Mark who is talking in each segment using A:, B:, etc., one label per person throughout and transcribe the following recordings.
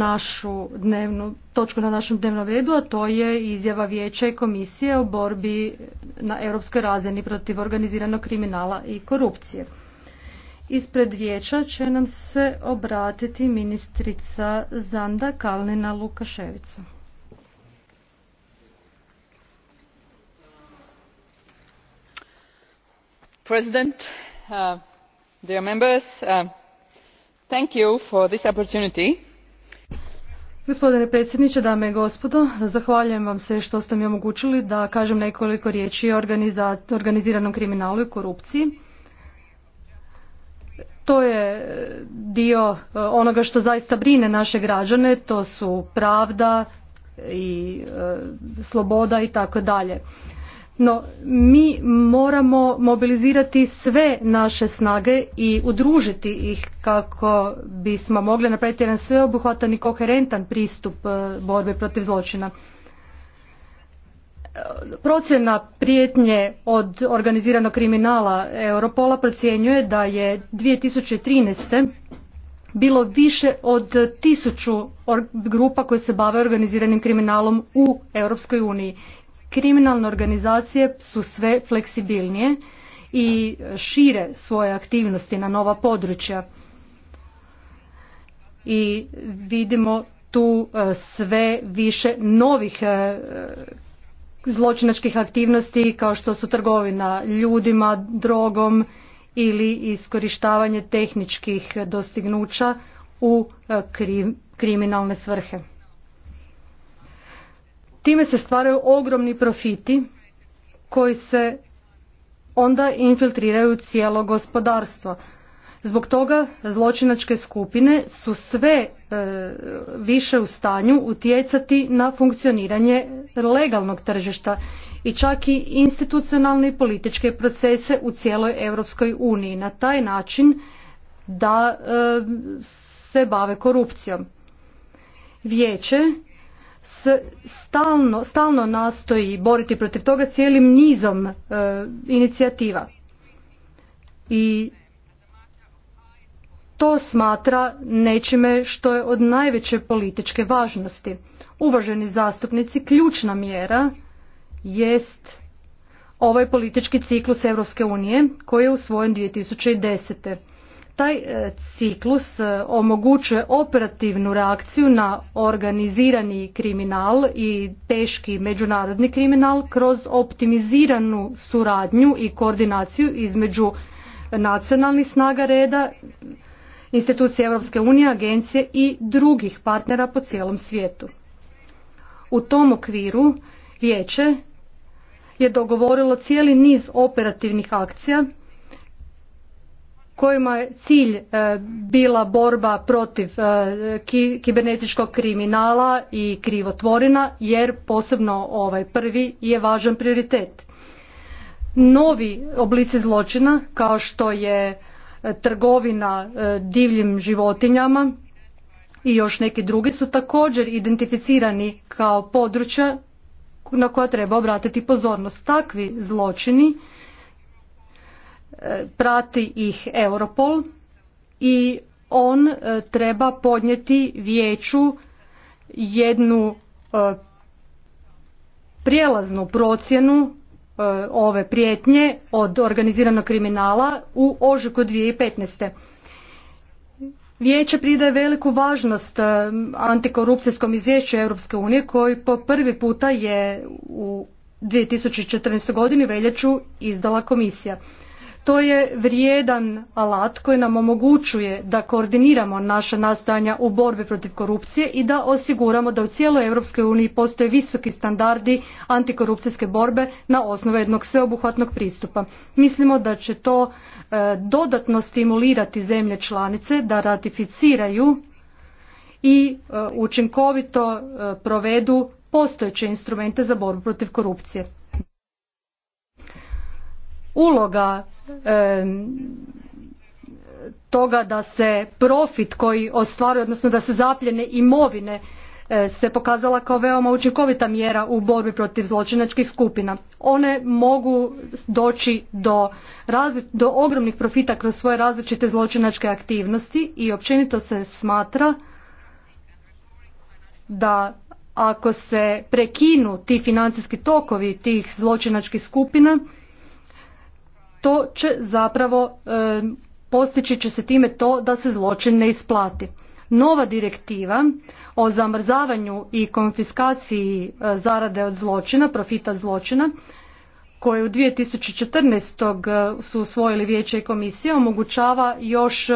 A: našu dnevnu, točku na našem dnevnom redu, a to je izjava Vijeća i Komisije o borbi na europskoj razini protiv organiziranog kriminala i korupcije. Ispred Vijeća će nam se obratiti ministrica Zanda Kalnina Lukaševica.
B: President, uh, dear members, uh, thank you for this opportunity
A: Gospodine predsjedniče, dame i gospodo, zahvaljujem vam se što ste mi omogućili da kažem nekoliko riječi o organiziranom kriminalu i korupciji. To je dio eh, onoga što zaista brine naše građane, to su pravda i eh, sloboda i tako dalje no mi moramo mobilizirati sve naše snage i udružiti ih kako bismo mogli napraviti jedan sveobuhvatan i koherentan pristup e, borbe protiv zločina e, procjena prijetnje od organiziranog kriminala Europola procjenjuje da je 2013. bilo više od tisuću grupa koje se bave organiziranim kriminalom u Europskoj uniji kriminalne organizacije su sve fleksibilnije i šire svoje aktivnosti na nova područja. I vidimo tu e, sve više novih e, zločinačkih aktivnosti kao što su trgovina ljudima, drogom ili iskorištavanje tehničkih dostignuća u e, kriminalne svrhe. Time se stvaraju ogromni profiti koji se onda infiltriraju cijelo gospodarstvo. Zbog toga zločinačke skupine su sve e, više u stanju utjecati na funkcioniranje legalnog tržišta i čak i institucionalne i političke procese u cijeloj Europskoj uniji na taj način da e, se bave korupcijom. Vijeće stalno, stalno nastoji boriti protiv toga cijelim nizom e, inicijativa. I to smatra nečime što je od najveće političke važnosti. Uvaženi zastupnici, ključna mjera jest ovaj politički ciklus Europske unije koji je usvojen 2010. Taj e, ciklus e, omogućuje operativnu reakciju na organizirani kriminal i teški međunarodni kriminal kroz optimiziranu suradnju i koordinaciju između nacionalnih snaga reda, institucije Europske unije, agencije i drugih partnera po cijelom svijetu. U tom okviru vijeće je dogovorilo cijeli niz operativnih akcija kojima je cilj e, bila borba protiv e, kibernetičkog kriminala i krivotvorina jer posebno ovaj prvi je važan prioritet. Novi oblici zločina kao što je e, trgovina divljim životinjama i još neki drugi su također identificirani kao područja na koja treba obratiti pozornost. Takvi zločini prati ih Europol i on e, treba podnijeti vijeću jednu e, prijelaznu procjenu e, ove prijetnje od organiziranog kriminala u ožujku 2015. Vijeće pridaje veliku važnost antikorupcijskom izvješću Europske unije koji po prvi puta je u 2014. godini veljaču izdala komisija. To je vrijedan alat koji nam omogućuje da koordiniramo naša nastojanja u borbi protiv korupcije i da osiguramo da u cijeloj Europskoj uniji postoje visoki standardi antikorupcijske borbe na osnovu jednog sveobuhvatnog pristupa. Mislimo da će to e, dodatno stimulirati zemlje članice da ratificiraju i e, učinkovito e, provedu postojeće instrumente za borbu protiv korupcije. Uloga toga da se profit koji ostvaruje, odnosno da se zapljene imovine e, se pokazala kao veoma učinkovita mjera u borbi protiv zločinačkih skupina. One mogu doći do, do ogromnih profita kroz svoje različite zločinačke aktivnosti i općenito se smatra da ako se prekinu ti financijski tokovi tih zločinačkih skupina to će zapravo e, postići će se time to da se zločin ne isplati. Nova direktiva o zamrzavanju i konfiskaciji e, zarade od zločina, profita zločina, koje u 2014. E, su usvojili vijeće i komisija omogućava još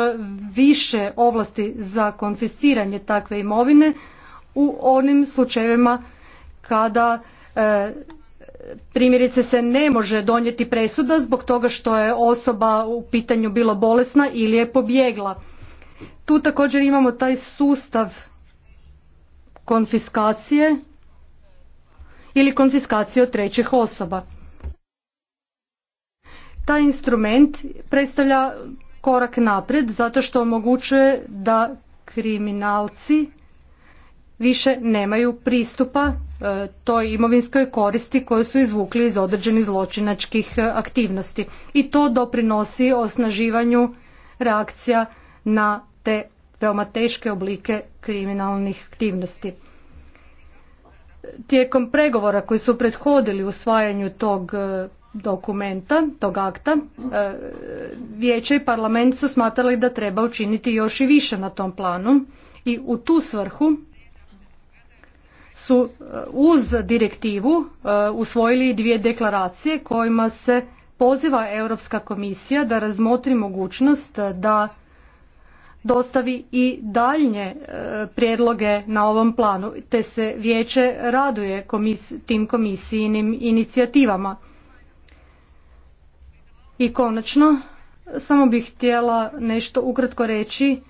A: više ovlasti za konfisciranje takve imovine u onim slučajevima kada primjerice se ne može donijeti presuda zbog toga što je osoba u pitanju bila bolesna ili je pobjegla. Tu također imamo taj sustav konfiskacije ili konfiskacije od trećih osoba. Taj instrument predstavlja korak naprijed zato što omogućuje da kriminalci više nemaju pristupa e, toj imovinskoj koristi koju su izvukli iz određenih zločinačkih e, aktivnosti. I to doprinosi osnaživanju reakcija na te veoma teške oblike kriminalnih aktivnosti. Tijekom pregovora koji su prethodili usvajanju tog e, dokumenta, tog akta, vijeće i parlament su smatrali da treba učiniti još i više na tom planu i u tu svrhu su e, uz direktivu e, usvojili dvije deklaracije kojima se poziva Europska komisija da razmotri mogućnost da dostavi i daljnje e, prijedloge na ovom planu, te se vijeće raduje tim komisijinim inicijativama. I konačno, samo bih htjela nešto ukratko reći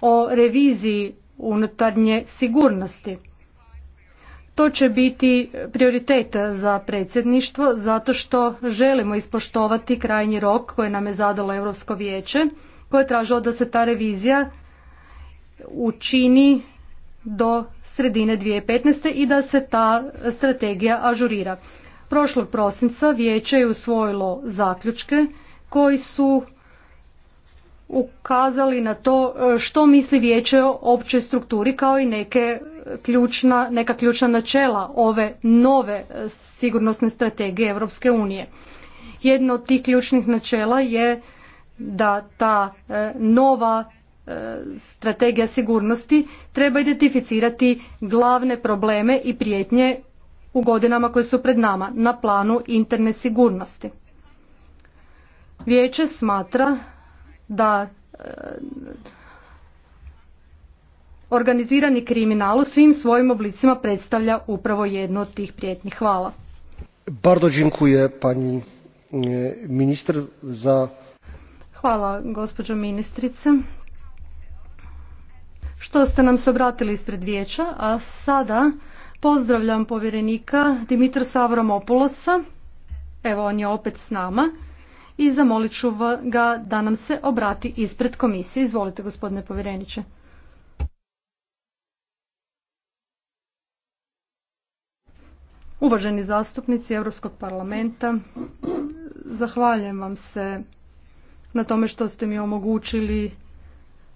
A: o reviziji unutarnje sigurnosti to će biti prioritet za predsjedništvo zato što želimo ispoštovati krajnji rok koji nam je zadalo Europsko vijeće koje je tražilo da se ta revizija učini do sredine 2015. i da se ta strategija ažurira. Prošlog prosinca vijeće je usvojilo zaključke koji su ukazali na to e, što misli vijeće o općoj strukturi kao i neke ključna, neka ključna načela ove nove e, sigurnosne strategije Europske unije. Jedno od tih ključnih načela je da ta e, nova strategija sigurnosti treba identificirati glavne probleme i prijetnje u godinama koje su pred nama na planu interne sigurnosti. Vijeće smatra da e, organizirani kriminal u svim svojim oblicima predstavlja upravo jednu od tih prijetnji. Hvala.
C: Bardzo dziękuję pani e, minister za...
A: Hvala gospođo ministrice što ste nam se obratili ispred vijeća, a sada pozdravljam povjerenika Dimitra Savramopulosa. Evo on je opet s nama i zamolit ću ga da nam se obrati ispred komisije. Izvolite gospodine povjereniče. Uvaženi zastupnici Europskog parlamenta, zahvaljujem vam se na tome što ste mi omogućili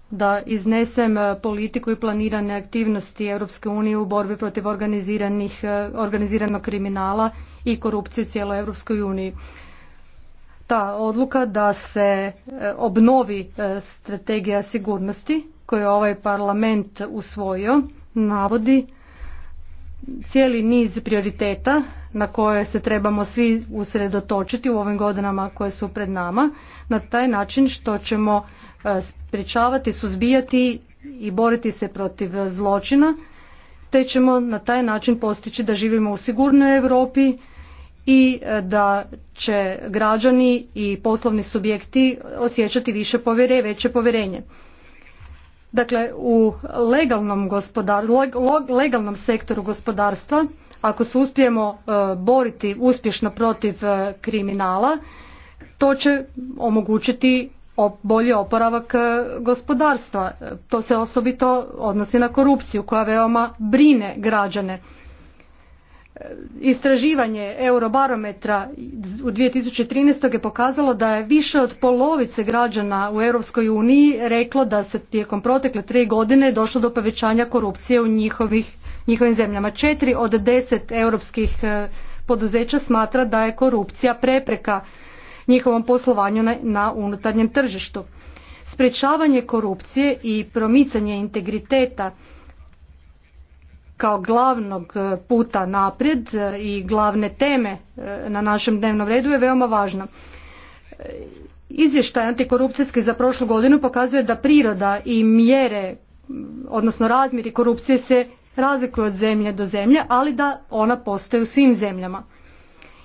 A: da iznesem e, politiku i planirane aktivnosti Europske unije u borbi protiv e, organiziranog kriminala i korupcije u cijeloj Europskoj uniji ta odluka da se e, obnovi e, strategija sigurnosti koju je ovaj parlament usvojio navodi cijeli niz prioriteta na koje se trebamo svi usredotočiti u ovim godinama koje su pred nama na taj način što ćemo e, sprječavati, suzbijati i boriti se protiv zločina te ćemo na taj način postići da živimo u sigurnoj Europi i e, da će građani i poslovni subjekti osjećati više povjere, veće povjerenje. Dakle, u legalnom, gospodar, legalnom sektoru gospodarstva, ako se uspijemo e, boriti uspješno protiv e, kriminala, to će omogućiti bolji oporavak gospodarstva. To se osobito odnosi na korupciju koja veoma brine građane. Istraživanje Eurobarometra u 2013. je pokazalo da je više od polovice građana u Europskoj uniji reklo da se tijekom protekle tri godine došlo do povećanja korupcije u njihovih, njihovim zemljama. Četiri od deset europskih e, poduzeća smatra da je korupcija prepreka njihovom poslovanju na, na unutarnjem tržištu. Sprečavanje korupcije i promicanje integriteta kao glavnog e, puta naprijed e, i glavne teme e, na našem dnevnom redu je veoma važna. Izvještaj antikorupcijski za prošlu godinu pokazuje da priroda i mjere, odnosno razmjeri korupcije se razlikuju od zemlje do zemlje, ali da ona postoji u svim zemljama.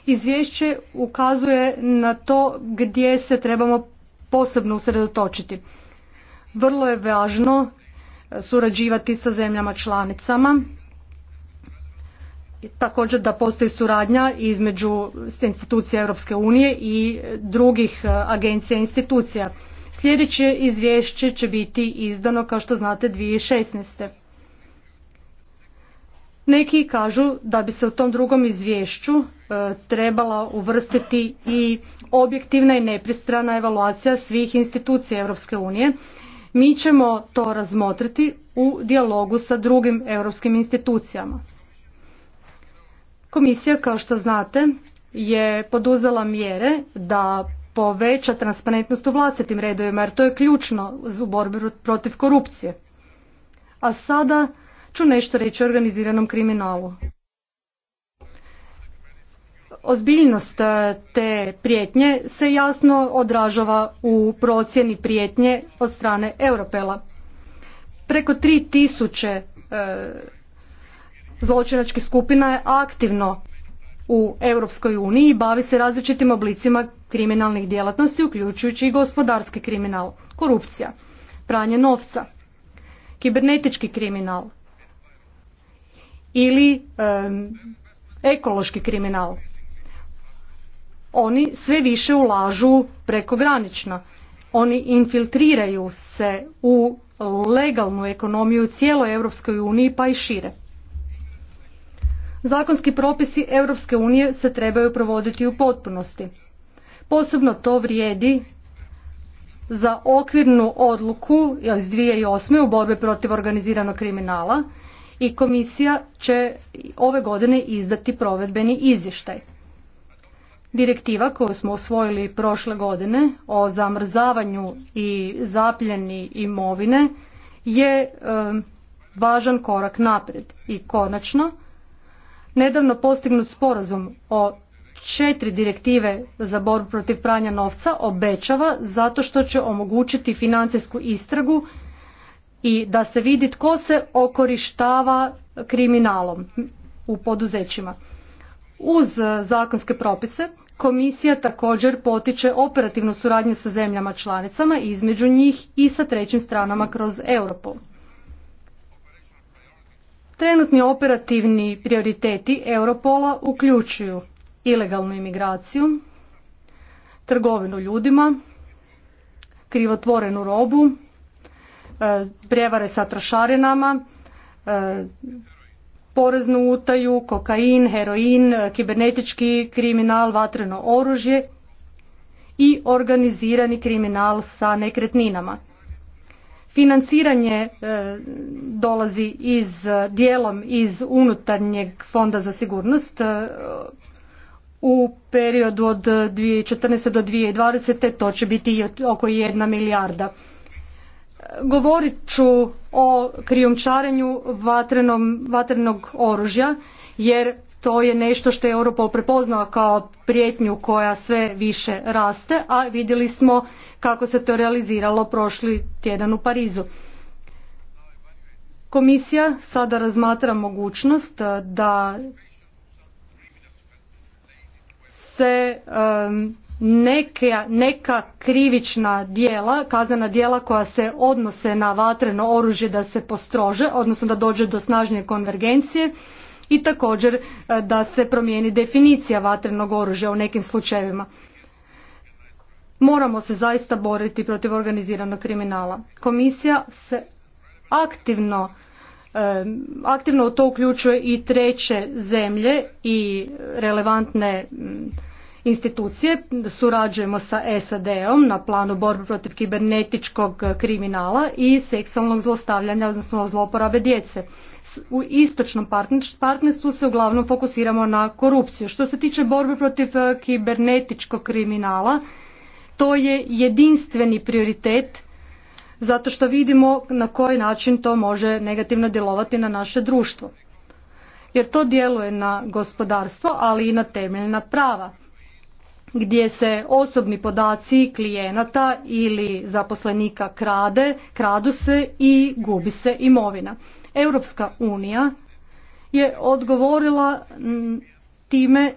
A: Izvješće ukazuje na to gdje se trebamo posebno usredotočiti. Vrlo je važno surađivati sa zemljama članicama također da postoji suradnja između institucija Europske unije i drugih e, agencija i institucija. Sljedeće izvješće će biti izdano kao što znate 2016. Neki kažu da bi se u tom drugom izvješću e, trebala uvrstiti i objektivna i nepristrana evaluacija svih institucija Europske unije. Mi ćemo to razmotriti u dijalogu sa drugim europskim institucijama. Komisija, kao što znate, je poduzela mjere da poveća transparentnost u vlastitim redovima, jer to je ključno u borbu protiv korupcije. A sada ću nešto reći o organiziranom kriminalu. Ozbiljnost e, te prijetnje se jasno odražava u procjeni prijetnje od strane Europela. Preko 3000 tisuće... E, zločinačkih skupina je aktivno u Europskoj uniji i bavi se različitim oblicima kriminalnih djelatnosti, uključujući i gospodarski kriminal, korupcija, pranje novca, kibernetički kriminal ili ekološki kriminal. Oni sve više ulažu prekogranično. Oni infiltriraju se u legalnu ekonomiju cijeloj Europskoj uniji pa i šire. Zakonski propisi Europske unije se trebaju provoditi u potpunosti. Posebno to vrijedi za okvirnu odluku iz 2008. u borbi protiv organiziranog kriminala i komisija će ove godine izdati provedbeni izvještaj. Direktiva koju smo osvojili prošle godine o zamrzavanju i zapljeni imovine je važan korak naprijed i konačno nedavno postignut sporazum o četiri direktive za borbu protiv pranja novca obećava zato što će omogućiti financijsku istragu i da se vidi tko se okorištava kriminalom u poduzećima. Uz zakonske propise komisija također potiče operativnu suradnju sa zemljama članicama između njih i sa trećim stranama kroz Europu. Trenutni operativni prioriteti Europola uključuju ilegalnu imigraciju, trgovinu ljudima, krivotvorenu robu, e, prijevare sa trošarinama, e, poreznu utaju, kokain, heroin, kibernetički kriminal, vatreno oružje i organizirani kriminal sa nekretninama. Financiranje e, dolazi iz e, dijelom iz unutarnjeg fonda za sigurnost e, u periodu od 2014. do 2020. to će biti oko jedna milijarda. Govorit ću o krijumčarenju vatrenog oružja jer to je nešto što je Europol prepoznao kao prijetnju koja sve više raste, a vidjeli smo kako se to realiziralo prošli tjedan u Parizu. Komisija sada razmatra mogućnost eh, da se neka, neka krivična dijela, kaznena dijela koja se odnose na vatreno oružje da se postrože, odnosno da dođe do snažnije konvergencije i također e, da se promijeni definicija vatrenog oružja u nekim slučajevima. Moramo se zaista boriti protiv organiziranog kriminala. Komisija se aktivno e, aktivno u to uključuje i treće zemlje i relevantne institucije. Surađujemo sa SAD-om na planu borbe protiv kibernetičkog kriminala i seksualnog zlostavljanja, odnosno zloporabe djece. U istočnom partnerstvu se uglavnom fokusiramo na korupciju. Što se tiče borbe protiv e, kibernetičkog kriminala, to je jedinstveni prioritet zato što vidimo na koji način to može negativno djelovati na naše društvo jer to djeluje na gospodarstvo, ali i na temeljna prava gdje se osobni podaci klijenata ili zaposlenika krade, kradu se i gubi se imovina. Europska unija je odgovorila time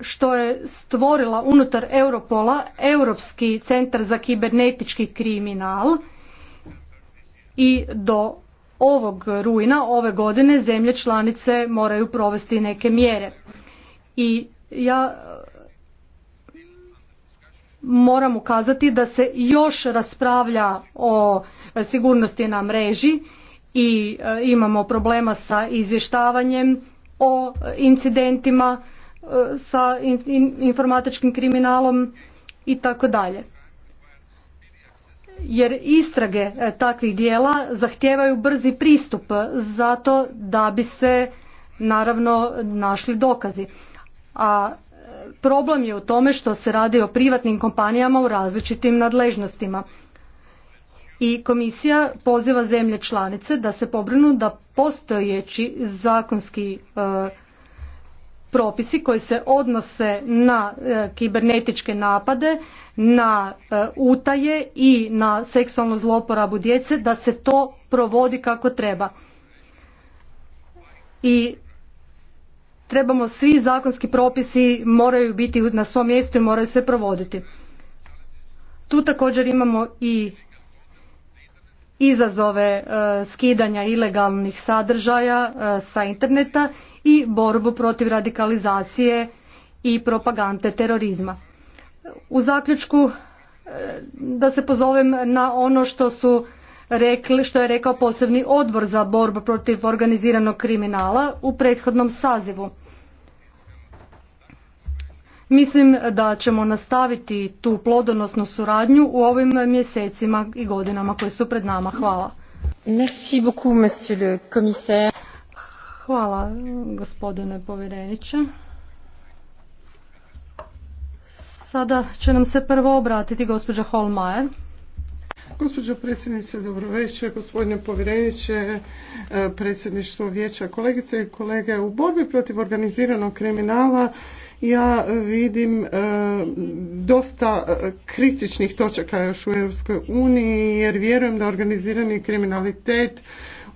A: što je stvorila unutar Europola Europski centar za kibernetički kriminal i do ovog rujna ove godine zemlje članice moraju provesti neke mjere. I ja moram ukazati da se još raspravlja o sigurnosti na mreži i e, imamo problema sa izvještavanjem o incidentima e, sa informatičkim kriminalom i tako dalje. Jer istrage e, takvih dijela zahtijevaju brzi pristup zato da bi se naravno našli dokazi. A Problem je u tome što se radi o privatnim kompanijama u različitim nadležnostima. I komisija poziva zemlje članice da se pobrinu da postojeći zakonski e, propisi koji se odnose na e, kibernetičke napade, na e, utaje i na seksualnu zloporabu djece da se to provodi kako treba. I trebamo svi zakonski propisi moraju biti na svom mjestu i moraju se provoditi. Tu također imamo i izazove e, skidanja ilegalnih sadržaja e, sa interneta i borbu protiv radikalizacije i propagande terorizma. U zaključku e, da se pozovem na ono što su rekli, što je rekao posebni odbor za borbu protiv organiziranog kriminala u prethodnom sazivu. Mislim da ćemo nastaviti tu plodonosnu suradnju u ovim mjesecima i godinama koje su pred nama. Hvala. Merci beaucoup, monsieur le commissaire. Hvala, gospodine povjereniče. Sada će nam se prvo obratiti gospođa Holmajer.
C: Gospođo predsjednice, dobro večer, gospodine povjereniče, e, predsjedništvo vijeća, kolegice i kolege. U borbi protiv organiziranog kriminala ja vidim e, dosta e, kritičnih točaka još u Europskoj uniji jer vjerujem da organizirani kriminalitet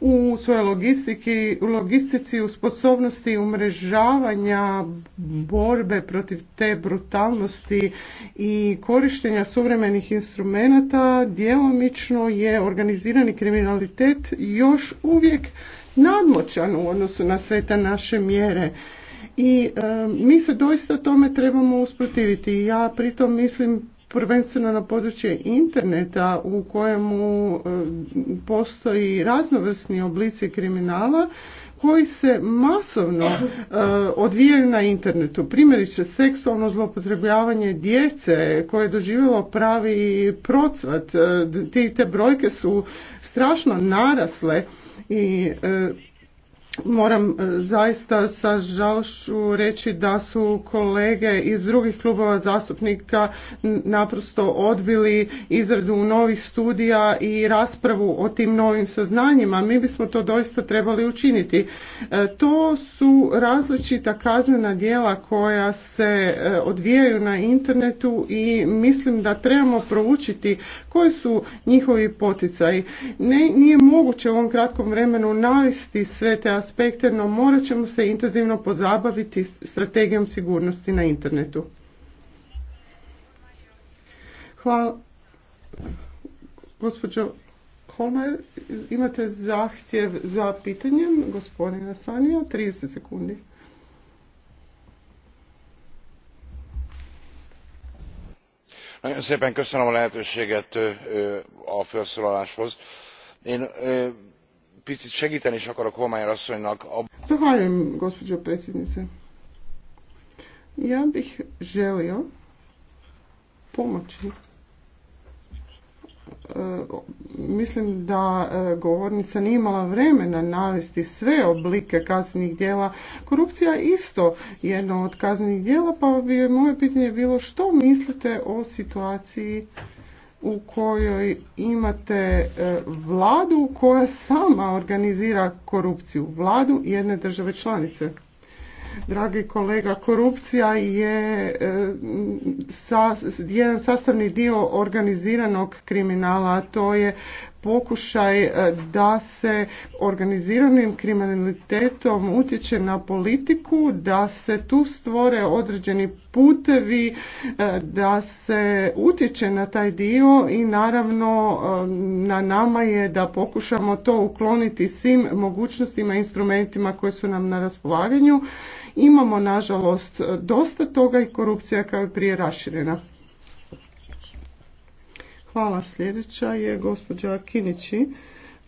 C: u svojoj logistiki, logistici, u sposobnosti umrežavanja borbe protiv te brutalnosti i korištenja suvremenih instrumenata djelomično je organizirani kriminalitet još uvijek nadmoćan u odnosu na sve te naše mjere. I e, mi se doista tome trebamo usprotiviti. Ja pritom mislim prvenstveno na područje interneta u kojemu e, postoji raznovrsni oblici kriminala koji se masovno e, odvijaju na internetu. Primjerice seksualno zloupotrebljavanje djece koje je doživjelo pravi procvat. E, te brojke su strašno narasle i Moram e, zaista sa žalšu reći da su kolege iz drugih klubova zastupnika naprosto odbili izradu novih studija i raspravu o tim novim saznanjima. Mi bismo to doista trebali učiniti. E, to su različita kaznena djela koja se e, odvijaju na internetu i mislim da trebamo proučiti koji su njihovi poticaji. nije moguće u ovom kratkom vremenu navesti sve te aspekte aspekte, no morat ćemo se intenzivno pozabaviti strategijom sigurnosti na internetu. Hvala. Gospođo Holmer, imate zahtjev za pitanjem gospodina Sanija, 30 sekundi.
A: Nagyon szépen köszönöm a lehetőséget a felszólaláshoz. Én picit segíteni is akarok
C: Zahvaljujem, gospođo predsjednice. Ja bih želio pomoći. E, mislim da e, govornica nije imala vremena navesti sve oblike kaznenih djela. Korupcija isto jedno od kaznenih djela, pa bi moje pitanje bilo što mislite o situaciji u kojoj imate e, vladu koja sama organizira korupciju, vladu jedne države članice. Dragi kolega, korupcija je e, jedan sastavni dio organiziranog kriminala, a to je pokušaj e, da se organiziranim kriminalitetom utječe na politiku, da se tu stvore određeni putevi, e, da se utječe na taj dio i naravno e, na nama je da pokušamo to ukloniti svim mogućnostima i instrumentima koji su nam na raspolaganju. Imamo nažalost dosta toga i korupcija kao i prije raširena. Hvala. Sljedeća je gospođa Kinići,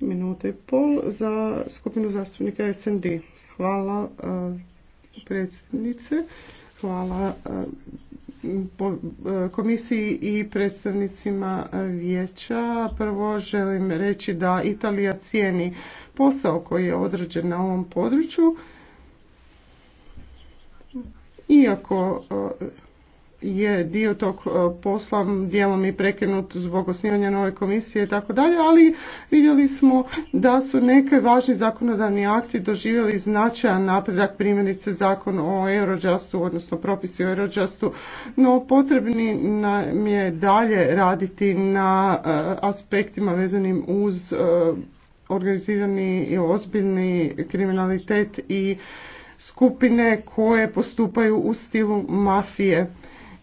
C: minuta i pol, za skupinu zastupnika SND. Hvala eh, predsjednice, hvala eh, eh, komisiji i predstavnicima vijeća. Prvo želim reći da Italija cijeni posao koji je određen na ovom području. Iako je dio tog e, posla dijelom i prekinut zbog osnivanja nove komisije i tako dalje, ali vidjeli smo da su neke važni zakonodavni akti doživjeli značajan napredak, primjerice zakon o Eurojustu, odnosno propisi o Eurojustu, no potrebni nam je dalje raditi na e, aspektima vezanim uz e, organizirani i ozbiljni kriminalitet i skupine koje postupaju u stilu mafije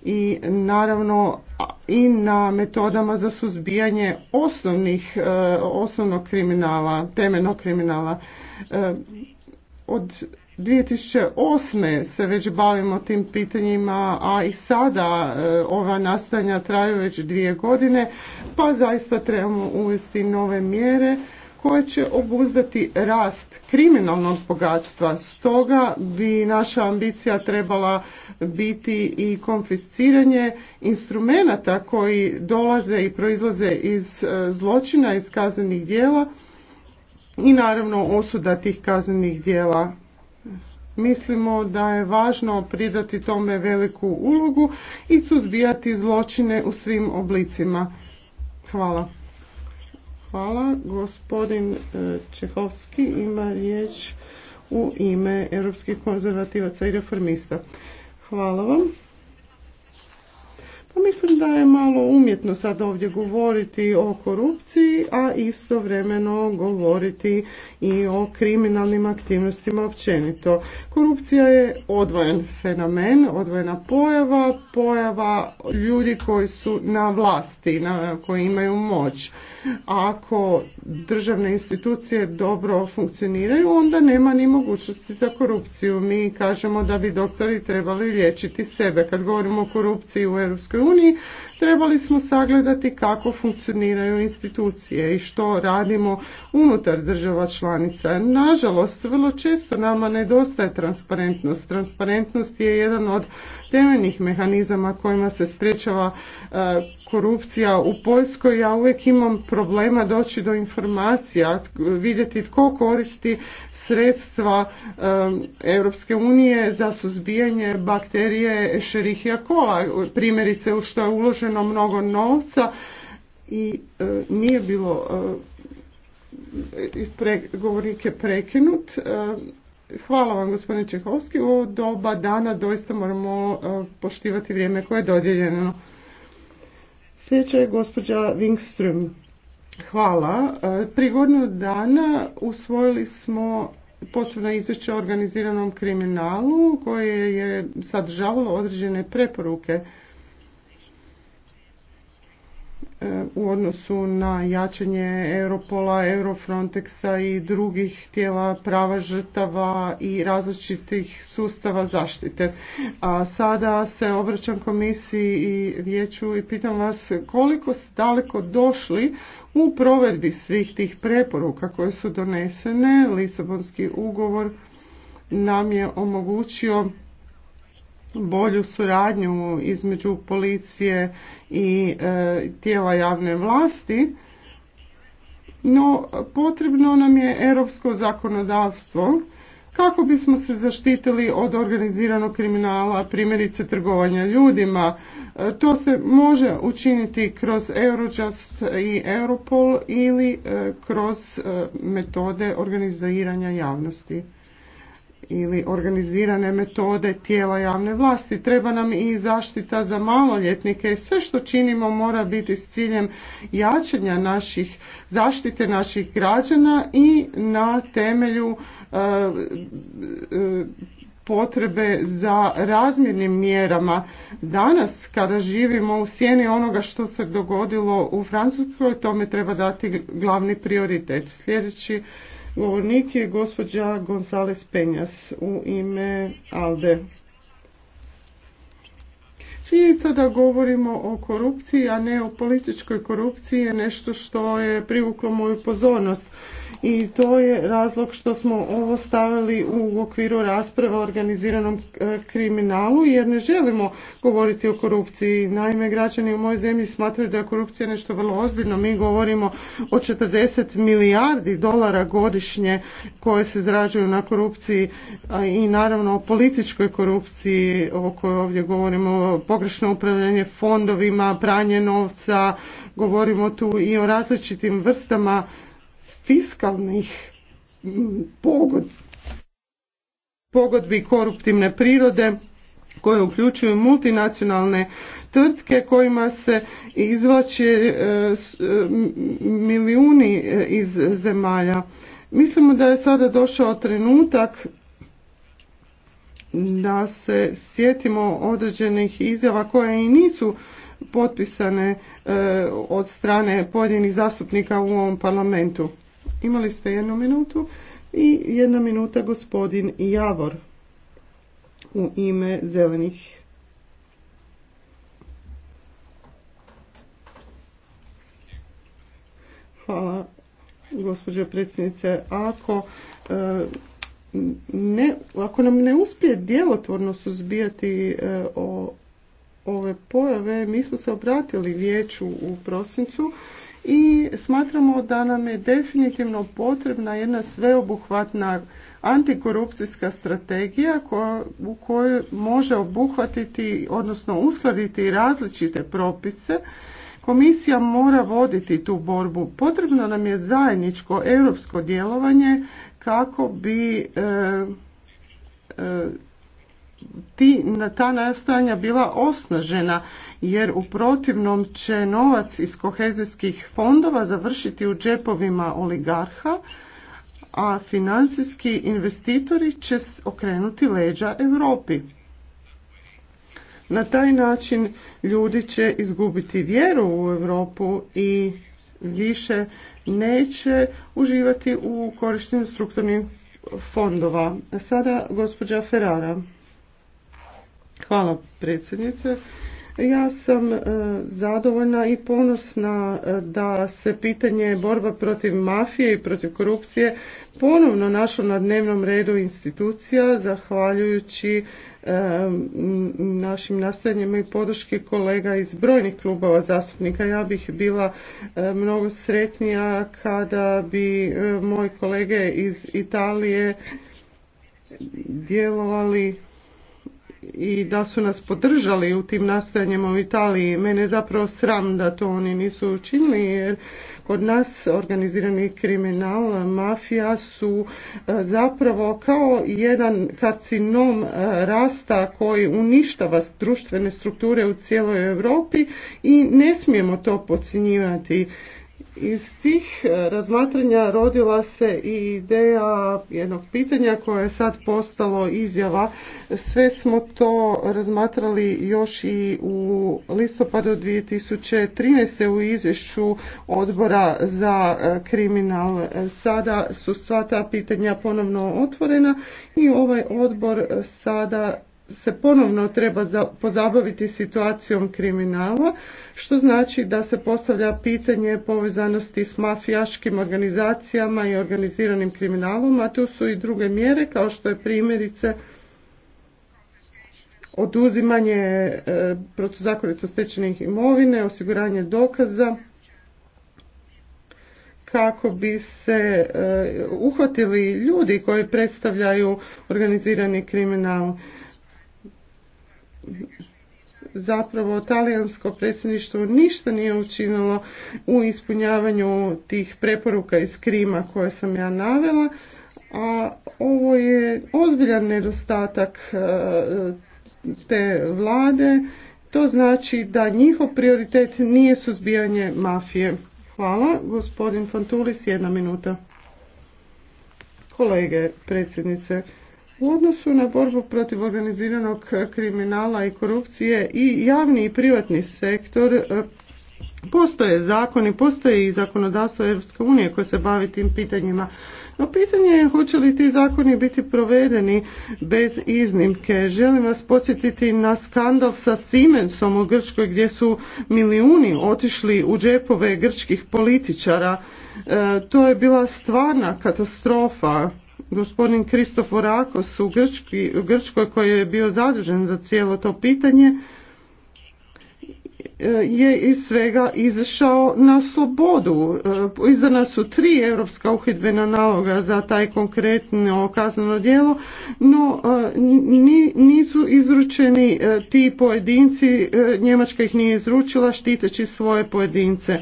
C: i naravno i na metodama za suzbijanje osnovnih, e, osnovnog kriminala, temeljnog kriminala. E, od 2008. se već bavimo tim pitanjima, a i sada e, ova nastanja traju već dvije godine, pa zaista trebamo uvesti nove mjere koje će obuzdati rast kriminalnog bogatstva. Stoga bi naša ambicija trebala biti i konfisciranje instrumenata koji dolaze i proizlaze iz e, zločina, iz kaznenih dijela i naravno osuda tih kaznenih dijela. Mislimo da je važno pridati tome veliku ulogu i suzbijati zločine u svim oblicima. Hvala. Hvala. Gospodin e, Čehovski ima riječ u ime europskih konzervativaca i reformista. Hvala vam. Pa mislim da je malo umjetno sad ovdje govoriti o korupciji, a istovremeno govoriti i o kriminalnim aktivnostima općenito. Korupcija je odvojen fenomen, odvojena pojava, pojava ljudi koji su na vlasti, na, koji imaju moć. Ako državne institucije dobro funkcioniraju, onda nema ni mogućnosti za korupciju. Mi kažemo da bi doktori trebali liječiti sebe. Kad govorimo o korupciji u EU, uniji, trebali smo sagledati kako funkcioniraju institucije i što radimo unutar država članica. Nažalost, vrlo često nama nedostaje transparentnost. Transparentnost je jedan od temeljnih mehanizama kojima se sprječava e, korupcija u Poljskoj. Ja uvijek imam problema doći do informacija, vidjeti tko koristi sredstva um, Europske unije za suzbijanje bakterije Escherichia coli. Primjerice u što je uloženo mnogo novca i uh, nije bilo uh, govornike prekinut. Uh, hvala vam gospodine Čehovski. U doba dana doista moramo poštivati vrijeme koje je dodijeljeno. Sljedeća je gospođa Wingström. Hvala. Prigodno dana usvojili smo posebno izvješće o organiziranom kriminalu koje je sadržavalo određene preporuke u odnosu na jačanje Europola, Eurofrontexa i drugih tijela prava žrtava i različitih sustava zaštite. A sada se obraćam komisiji i vijeću i pitam vas koliko ste daleko došli u provedbi svih tih preporuka koje su donesene. Lisabonski ugovor nam je omogućio bolju suradnju između policije i e, tijela javne vlasti, no potrebno nam je europsko zakonodavstvo kako bismo se zaštitili od organiziranog kriminala, primjerice trgovanja ljudima. E, to se može učiniti kroz Eurojust i Europol ili e, kroz metode organiziranja javnosti ili organizirane metode tijela javne vlasti. Treba nam i zaštita za maloljetnike. Sve što činimo mora biti s ciljem jačanja naših zaštite naših građana i na temelju e, e, potrebe za razmjernim mjerama. Danas, kada živimo u sjeni onoga što se dogodilo u Francuskoj, tome treba dati glavni prioritet. Sljedeći Govornik je gospođa Gonzales Penjas u ime ALDE. Činjenica da govorimo o korupciji, a ne o političkoj korupciji je nešto što je privuklo moju pozornost i to je razlog što smo ovo stavili u okviru rasprave o organiziranom e, kriminalu jer ne želimo govoriti o korupciji. Naime, građani u mojoj zemlji smatraju da je korupcija nešto vrlo ozbiljno. Mi govorimo o 40 milijardi dolara godišnje koje se zrađuju na korupciji i naravno o političkoj korupciji o kojoj ovdje govorimo, pogrešno upravljanje fondovima, pranje novca, govorimo tu i o različitim vrstama fiskalnih mm, pogodbi koruptivne prirode koje uključuju multinacionalne tvrtke kojima se izvlače e, e, milijuni e, iz zemalja. Mislimo da je sada došao trenutak da se sjetimo određenih izjava koje i nisu potpisane od strane pojedinih zastupnika u ovom parlamentu. Imali ste jednu minutu i jedna minuta gospodin Javor u ime zelenih. Hvala gospođo predsjednice. Ako eh, ne, ako nam ne uspije djelotvorno suzbijati eh, ove pojave, mi smo se obratili vijeću u prosincu i smatramo da nam je definitivno potrebna jedna sveobuhvatna antikorupcijska strategija u kojoj može obuhvatiti, odnosno uskladiti različite propise. Komisija mora voditi tu borbu. Potrebno nam je zajedničko europsko djelovanje kako bi e, e, ti, ta nastojanja bila osnažena jer u protivnom će novac iz kohezijskih fondova završiti u džepovima oligarha a financijski investitori će okrenuti leđa Europi. Na taj način ljudi će izgubiti vjeru u Europu i više neće uživati u korištenju strukturnih fondova. Sada gospođa Ferrara. Hvala predsjednice. Ja sam e, zadovoljna i ponosna e, da se pitanje borba protiv mafije i protiv korupcije ponovno našlo na dnevnom redu institucija zahvaljujući e, našim nastojanjima i podrški kolega iz brojnih klubova zastupnika. Ja bih bila mnogo sretnija kada bi moji kolege iz Italije djelovali i da su nas podržali u tim nastojanjima u Italiji. Mene je zapravo sram da to oni nisu učinili jer kod nas organizirani kriminal, mafija su e, zapravo kao jedan karcinom e, rasta koji uništava društvene strukture u cijeloj Europi i ne smijemo to podcjenjivati. Iz tih e, razmatranja rodila se i ideja jednog pitanja koje je sad postalo izjava. Sve smo to razmatrali još i u listopadu 2013. u izvješću odbora za e, kriminal. Sada su sva ta pitanja ponovno otvorena i ovaj odbor sada se ponovno treba pozabaviti situacijom kriminala, što znači da se postavlja pitanje povezanosti s mafijaškim organizacijama i organiziranim kriminalom, a tu su i druge mjere kao što je primjerice oduzimanje e, protuzakonito stečenih imovine, osiguranje dokaza kako bi se e, uhvatili ljudi koji predstavljaju organizirani kriminal zapravo talijansko predsjedništvo ništa nije učinilo u ispunjavanju tih preporuka iz Krima koje sam ja navela, a ovo je ozbiljan nedostatak e, te vlade. To znači da njihov prioritet nije suzbijanje mafije. Hvala. Gospodin Fantulis, jedna minuta. Kolege, predsjednice, u odnosu na borbu protiv organiziranog kriminala i korupcije i javni i privatni sektor e, postoje zakoni, postoje i zakonodavstvo Europske unije koje se bavi tim pitanjima. No pitanje je hoće li ti zakoni biti provedeni bez iznimke. Želim vas podsjetiti na skandal sa Siemensom u Grčkoj gdje su milijuni otišli u džepove grčkih političara. E, to je bila stvarna katastrofa gospodin Kristofor Akos u, Grčkoj koji je bio zadužen za cijelo to pitanje je iz svega izašao na slobodu. E, izdana su tri europska uhidbena naloga za taj konkretno kazneno djelo, no e, nisu izručeni e, ti pojedinci, Njemačka ih nije izručila štiteći svoje pojedince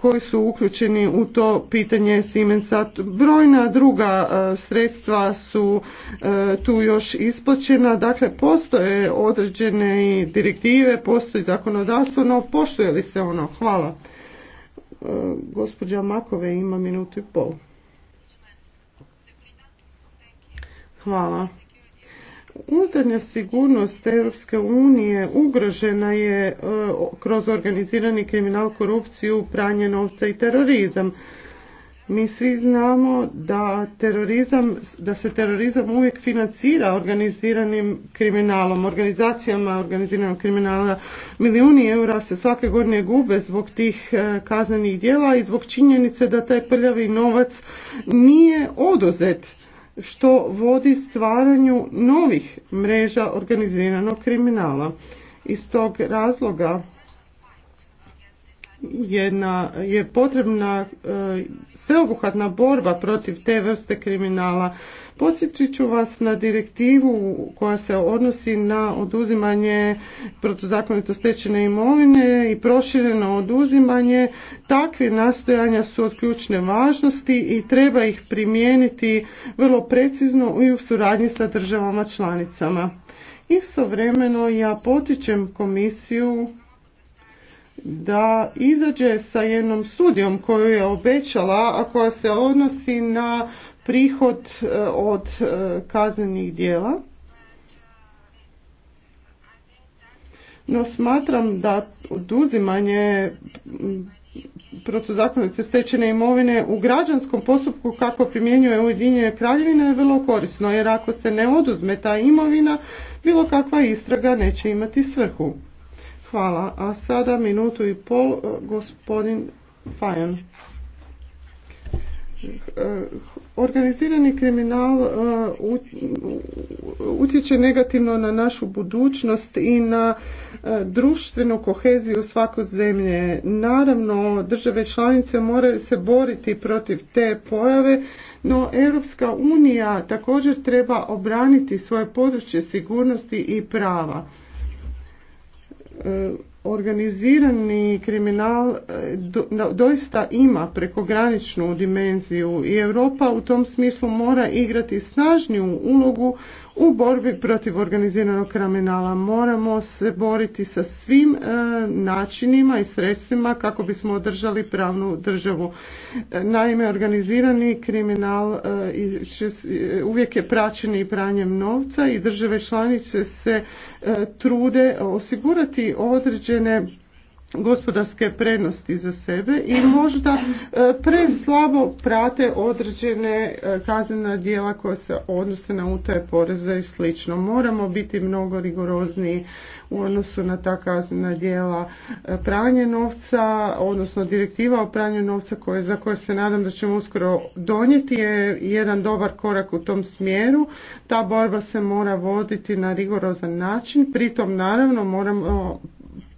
C: koji su uključeni u to pitanje Siemensa. Brojna druga sredstva su tu još isplaćena, dakle postoje određene direktive, postoji zakonodavstvo poštuje li se ono? Hvala. E, gospođa Makove ima minutu i pol. Hvala. Unutarnja sigurnost Europske unije ugrožena je e, kroz organizirani kriminal, korupciju, pranje novca i terorizam. Mi svi znamo da terorizam, da se terorizam uvijek financira organiziranim kriminalom, organizacijama organiziranog kriminala. Milijuni eura se svake godine gube zbog tih e, kaznenih djela i zbog činjenice da taj prljavi novac nije oduzet što vodi stvaranju novih mreža organiziranog kriminala. Iz tog razloga jedna je potrebna e, sveobuhvatna borba protiv te vrste kriminala. Posjetit ću vas na direktivu koja se odnosi na oduzimanje protuzakonito stečene imovine i prošireno oduzimanje. Takve nastojanja su od ključne važnosti i treba ih primijeniti vrlo precizno i u suradnji sa državama članicama. Istovremeno ja potičem komisiju da izađe sa jednom studijom koju je obećala, a koja se odnosi na prihod e, od e, kaznenih dijela. No smatram da oduzimanje protuzakonite stečene imovine u građanskom postupku kako primjenjuje Ujedinjene kraljevine je vrlo korisno jer ako se ne oduzme ta imovina bilo kakva istraga neće imati svrhu. Hvala. A sada minutu i pol e, gospodin Fajan. E, organizirani kriminal e, utječe negativno na našu budućnost i na društvenu koheziju svako zemlje. Naravno, države članice moraju se boriti protiv te pojave, no Europska unija također treba obraniti svoje područje sigurnosti i prava E, organizirani kriminal e, doista ima prekograničnu dimenziju i Europa u tom smislu mora igrati snažniju ulogu u borbi protiv organiziranog kriminala. Moramo se boriti sa svim e, načinima i sredstvima kako bismo održali pravnu državu. E, naime, organizirani kriminal e, uvijek je praćen i pranjem novca i države članice se trude osigurati određene gospodarske prednosti za sebe i možda e, slabo prate određene e, kaznena djela koja se odnose na utaje poreza i slično. Moramo biti mnogo rigorozniji u odnosu na ta kaznena djela e, pranje novca, odnosno direktiva o pranju novca za koje se nadam da ćemo uskoro donijeti je jedan dobar korak u tom smjeru. Ta borba se mora voditi na rigorozan način, pritom naravno moramo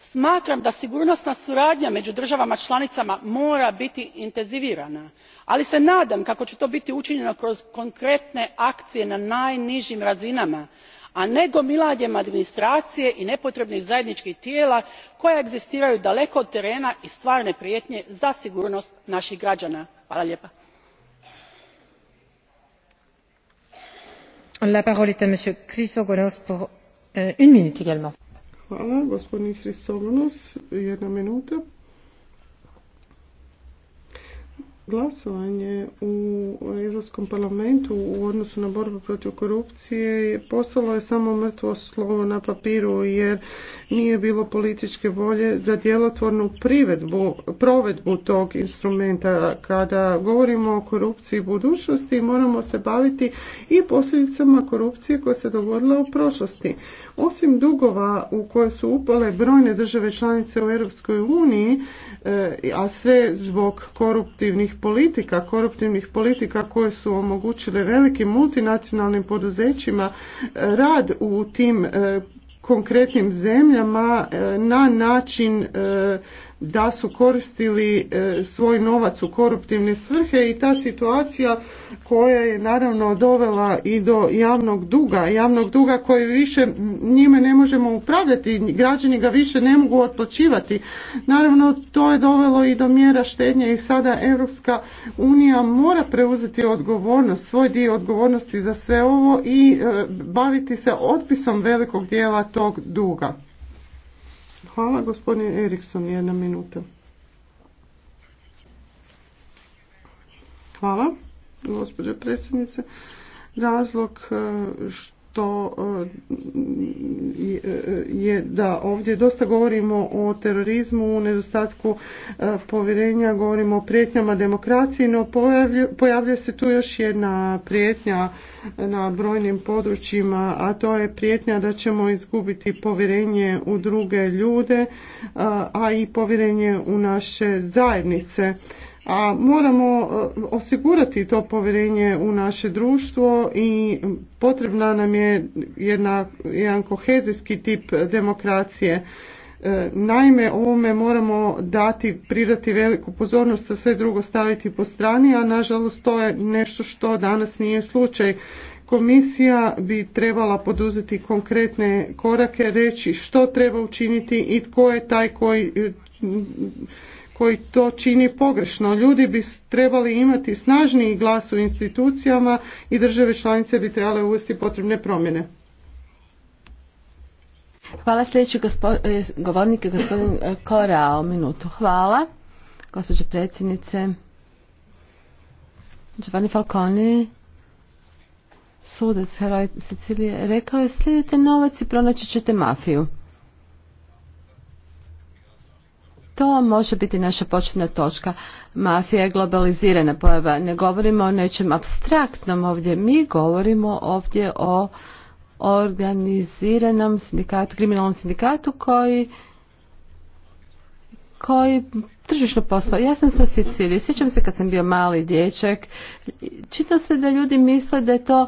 D: smatram da sigurnosna suradnja među državama članicama mora biti intenzivirana ali se nadam kako će to biti učinjeno kroz konkretne akcije na najnižim razinama a ne gomilanjem administracije i nepotrebnih zajedničkih tijela koja egzistiraju daleko od terena i stvarne prijetnje za sigurnost naših građana.
C: Hvala, gospodin Hristogonos, jedna minuta. Glasovanje u Europskom parlamentu u odnosu na borbu protiv korupcije postalo je samo mrtvo slovo na papiru jer nije bilo političke volje za djelotvornu privedbu, provedbu tog instrumenta. Kada govorimo o korupciji budućnosti moramo se baviti i posljedicama korupcije koja se dogodila u prošlosti. Osim dugova u koje su upale brojne države članice u Europskoj uniji, eh, a sve zbog koruptivnih politika, koruptivnih politika koje su omogućile velikim multinacionalnim poduzećima e, rad u tim e, konkretnim zemljama e, na način da su koristili e, svoj novac u koruptivne svrhe i ta situacija koja je naravno dovela i do javnog duga, javnog duga koji više njime ne možemo upravljati, građani ga više ne mogu otplaćivati. Naravno to je dovelo i do mjera štednje i sada Europska unija mora preuzeti odgovornost, svoj dio odgovornosti za sve ovo i e, baviti se otpisom velikog dijela tog duga. Hvala, gospodin Erikson, jedna minuta. Hvala, gospođo predsjednice. Razlog što eh, to e, je da ovdje dosta govorimo o terorizmu, u nedostatku e, povjerenja, govorimo o prijetnjama demokraciji, no pojavlja, pojavlja se tu još jedna prijetnja na brojnim područjima, a to je prijetnja da ćemo izgubiti povjerenje u druge ljude, a i povjerenje u naše zajednice a moramo e, osigurati to povjerenje u naše društvo i potrebna nam je jedna, jedan kohezijski tip demokracije. E, naime, ovome moramo dati, pridati veliku pozornost, da sve drugo staviti po strani, a nažalost to je nešto što danas nije slučaj. Komisija bi trebala poduzeti konkretne korake, reći što treba učiniti i tko je taj koji e, koji to čini pogrešno. Ljudi bi trebali imati snažniji glas u institucijama i države članice bi trebale uvesti potrebne promjene.
B: Hvala sljedeći e, govornik je gospodin e, Korao minutu. Hvala gospođo predsjednice. Giovanni Falconi sudac Heroj Sicilije rekao je slijedite novac i pronaći ćete mafiju. to može biti naša početna točka. Mafija je globalizirana pojava. Ne govorimo o nečem abstraktnom ovdje. Mi govorimo ovdje o organiziranom sindikatu, kriminalnom sindikatu koji koji tržišno posao. Ja sam sa Sicilije, sjećam se kad sam bio mali dječak, čitao se da ljudi misle da je to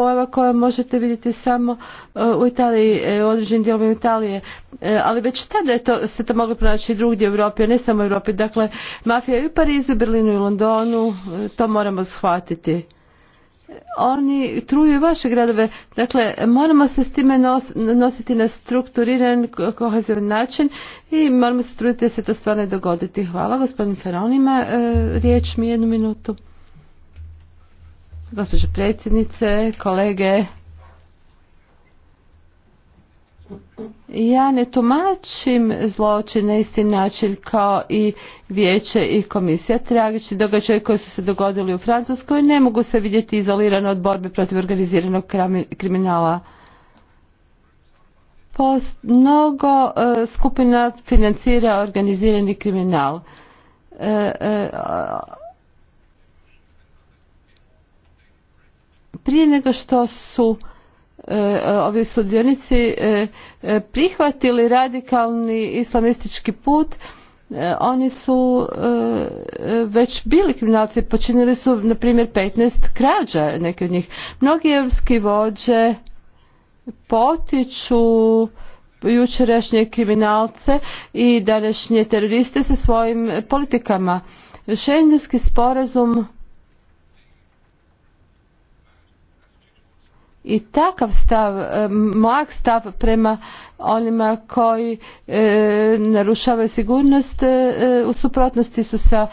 B: pojava koja možete vidjeti samo uh, u Italiji, e, u određenim Italije, e, ali već tada je to, se to moglo pronaći i drugdje u Europi, a ne samo u Europi. Dakle, mafija je i u Parizu, Berlinu i Londonu, e, to moramo shvatiti oni truju vaše gradove. Dakle, moramo se s time nositi na strukturiran, kohezivan način i moramo se truditi da se to stvarno dogoditi. Hvala, gospodin Feronima. riječ mi jednu minutu. Gospođo predsjednice, kolege, ja ne tumačim zločin na isti način kao i vijeće i komisija. Tragični događaj koji su se dogodili u Francuskoj ne mogu se vidjeti izolirano od borbe protiv organiziranog kriminala. Post, mnogo e, skupina financira organizirani kriminal. E, e, prije nego što su e, ovi sudionici e, e, prihvatili radikalni islamistički put oni su već bili kriminalci počinili su na primjer 15 krađa neki od njih mnogi evropski vođe potiču jučerašnje kriminalce i današnje teroriste sa svojim politikama Šengenski sporazum i takav stav, e, mlak stav prema onima koji e, narušavaju sigurnost e, u suprotnosti su sa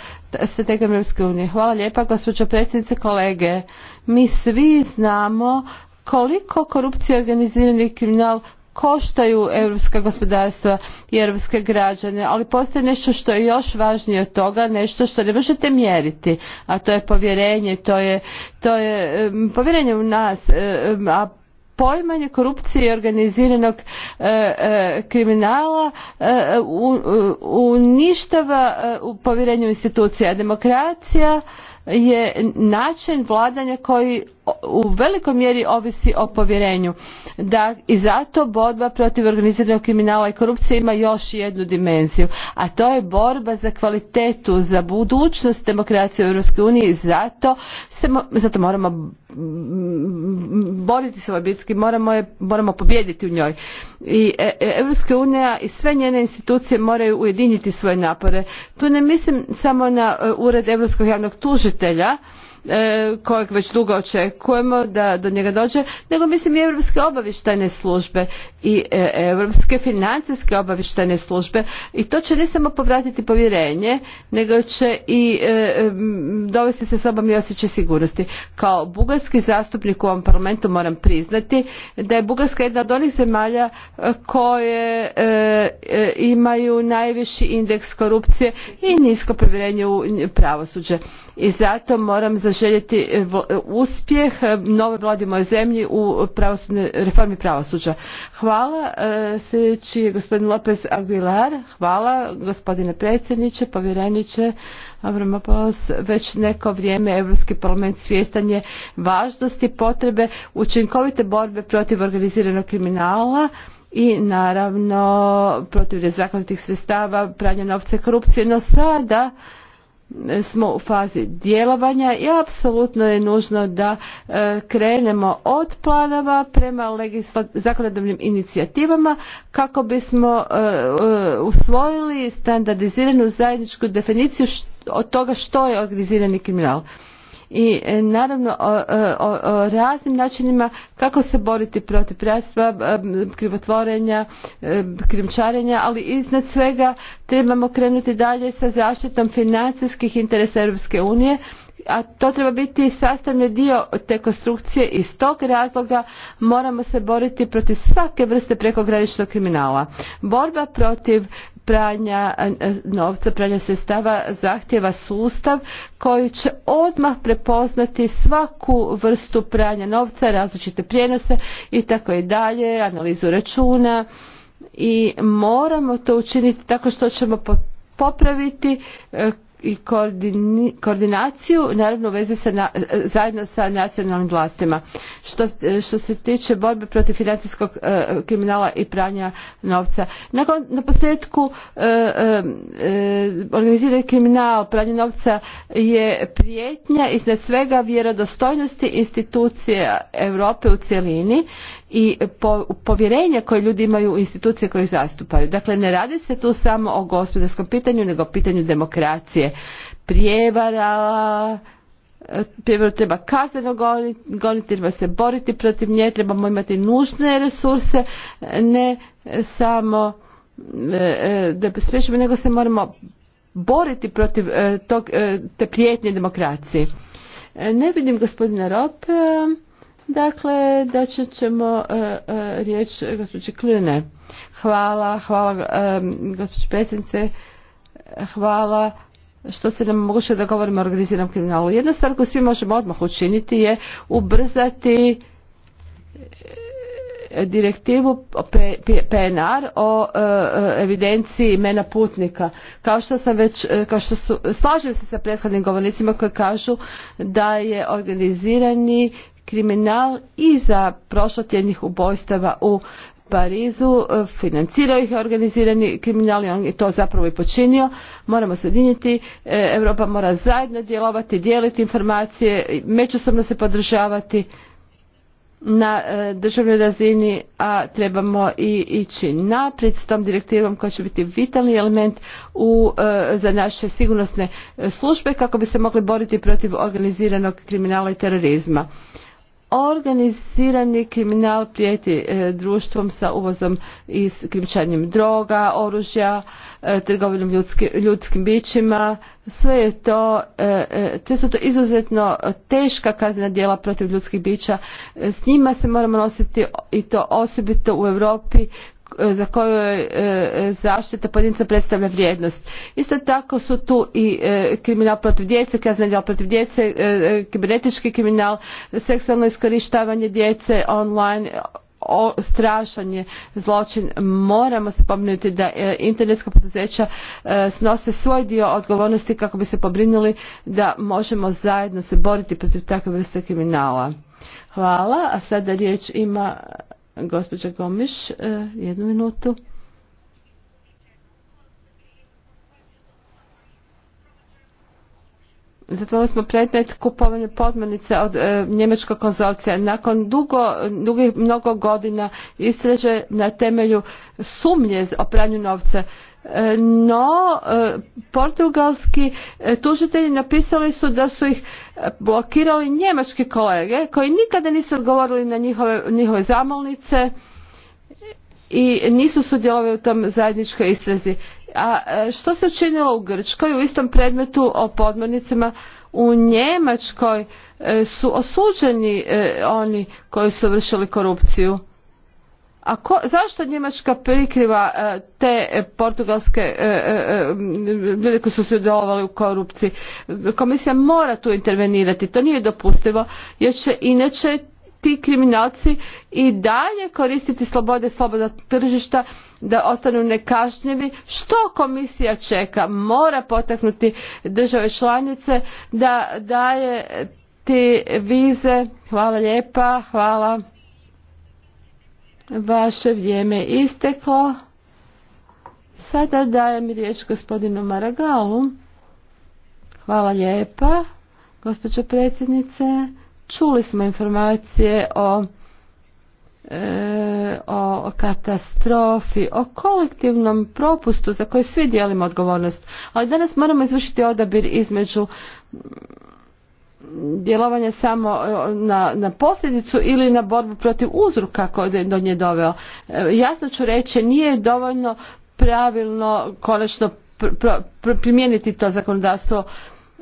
B: strategijom Europske unije. Hvala lijepa gospođo predsjednice kolege. Mi svi znamo koliko korupcija i organizirani kriminal koštaju europska gospodarstva i europske građane ali postoji nešto što je još važnije od toga nešto što ne možete mjeriti a to je povjerenje to je, to je povjerenje u nas a pojmanje korupcije i organiziranog e, e, kriminala e, u, uništava povjerenje u institucije institucija demokracija je način vladanja koji u velikoj mjeri ovisi o povjerenju. Da, I zato borba protiv organiziranog kriminala i korupcije ima još jednu dimenziju, a to je borba za kvalitetu, za budućnost demokracije u EU i zato, se, zato moramo boriti se ovoj moramo, je, moramo pobijediti u njoj. I Europska e, unija i sve njene institucije moraju ujediniti svoje napore. Tu ne mislim samo na e, ured Europskog javnog tužitelja, E, kojeg već dugo očekujemo da do njega dođe, nego mislim i europske obavještajne službe i e, europske financijske obavještajne službe i to će ne samo povratiti povjerenje, nego će i e, dovesti se sobom i osjećaj sigurnosti. Kao bugarski zastupnik u ovom parlamentu moram priznati da je Bugarska jedna od onih zemalja koje imaju najviši indeks korupcije i nisko povjerenje u pravosuđe i zato moram zaželjeti e, e, uspjeh e, novoj vladi moje zemlji u reformi pravosuđa. Hvala. Sljedeći je gospodin Lopez Aguilar. Hvala gospodine predsjedniče, povjereniče. Avramopoulos, već neko vrijeme Europski parlament svjestan je važnosti potrebe učinkovite borbe protiv organiziranog kriminala i naravno protiv nezakonitih sredstava, pranja novca i korupcije. No sada smo u fazi djelovanja i apsolutno je nužno da e, krenemo od planova prema zakonodavnim inicijativama kako bismo e, e, usvojili standardiziranu zajedničku definiciju od toga što je organizirani kriminal i e, naravno e, o, raznim načinima kako se boriti protiv piratstva, e, krivotvorenja, krimčarenja, ali iznad svega trebamo krenuti dalje sa zaštitom financijskih interesa Europske unije a to treba biti sastavni dio te konstrukcije i iz tog razloga moramo se boriti protiv svake vrste prekograničnog kriminala. Borba protiv pranja e, e, novca, pranja sredstava zahtjeva sustav koji će odmah prepoznati svaku vrstu pranja novca, različite prijenose i tako i dalje, analizu računa i moramo to učiniti tako što ćemo popraviti e, i koordinaciju naravno u vezi sa zajedno sa nacionalnim vlastima. Što, što se tiče borbe protiv financijskog e, kriminala i pranja novca. Nakon, na posljedku e, e, e, organizirani kriminal pranje novca je prijetnja iznad svega vjerodostojnosti institucije Europe u cjelini i po, povjerenja koje ljudi imaju u institucije koje zastupaju. Dakle, ne radi se tu samo o gospodarskom pitanju, nego o pitanju demokracije. Prijevara, prijevaru treba kazneno goniti, treba se boriti protiv nje, trebamo imati nužne resurse, ne samo e, e, da spriječimo nego se moramo boriti protiv e, tog, te prijetnje demokracije. Ne vidim gospodina Rop. Dakle, da ćemo e, e, riječ gospođe Kline. Hvala, hvala e, gospođe predsjednice, hvala što se nam moguće da govorimo o organiziranom kriminalu. Jedna stvar koju svi možemo odmah učiniti je ubrzati direktivu PNR o evidenciji imena putnika. Kao što sam već, kao što su, slažem se sa prethodnim govornicima koji kažu da je organizirani kriminal i iza prošlotjednih ubojstava u Parizu, e, financirao ih organizirani kriminal i on je to zapravo i počinio. Moramo se jediniti, e, Europa mora zajedno djelovati, dijeliti informacije, međusobno se podržavati na e, državnoj razini, a trebamo i ići naprijed s tom direktivom koja će biti vitalni element u, za naše sigurnosne službe kako bi se mogli boriti protiv organiziranog kriminala i terorizma. Organizirani kriminal prijeti e, društvom sa uvozom i krimčanjem droga, oružja, e, trgovinom ljudskim bićima. Sve je to, e, e su to izuzetno teška kaznena djela protiv ljudskih bića. S njima se moramo nositi i to osobito u Europi E, za koju e, zaštita pojedinca predstavlja vrijednost. Isto tako su tu i e, kriminal protiv djece, kazneni protiv djece, kibernetički kriminal, seksualno iskorištavanje djece online, strašan je zločin moramo se pobrinuti da internetska poduzeća snose svoj dio odgovornosti kako bi se pobrinuli da možemo zajedno se boriti protiv takve vrste kriminala. Hvala, a sada riječ ima Gospođa Gomiš, e, jednu minutu. Zatvorili smo predmet kupovanja podmornice od e, njemačkog konzorcija. Nakon dugo, dugih mnogo godina istraže na temelju sumnje o pranju novca no e, portugalski e, tužitelji napisali su da su ih e, blokirali njemački kolege koji nikada nisu odgovorili na njihove, njihove zamolnice i nisu sudjelovali u tom zajedničkoj istrazi. A što se učinilo u Grčkoj u istom predmetu o podmornicama u Njemačkoj su osuđeni oni koji su vršili korupciju a zašto Njemačka prikriva e, te portugalske e, e, ljude koji su sudjelovali u korupciji? Komisija mora tu intervenirati, to nije dopustivo jer će inače ti kriminalci i dalje koristiti slobode sloboda tržišta da ostanu nekašnjivi što komisija čeka mora potaknuti države članice da daje te vize hvala lijepa hvala Vaše vrijeme isteklo. Sada dajem riječ gospodinu Maragalu. Hvala lijepa, gospođo predsjednice. Čuli smo informacije o, e, o katastrofi, o kolektivnom propustu za koje svi dijelimo odgovornost. Ali danas moramo izvršiti odabir između djelovanje samo e, na, na posljedicu ili na borbu protiv uzroka koji je do nje doveo. E, jasno ću reći, nije dovoljno pravilno konačno primijeniti to zakonodavstvo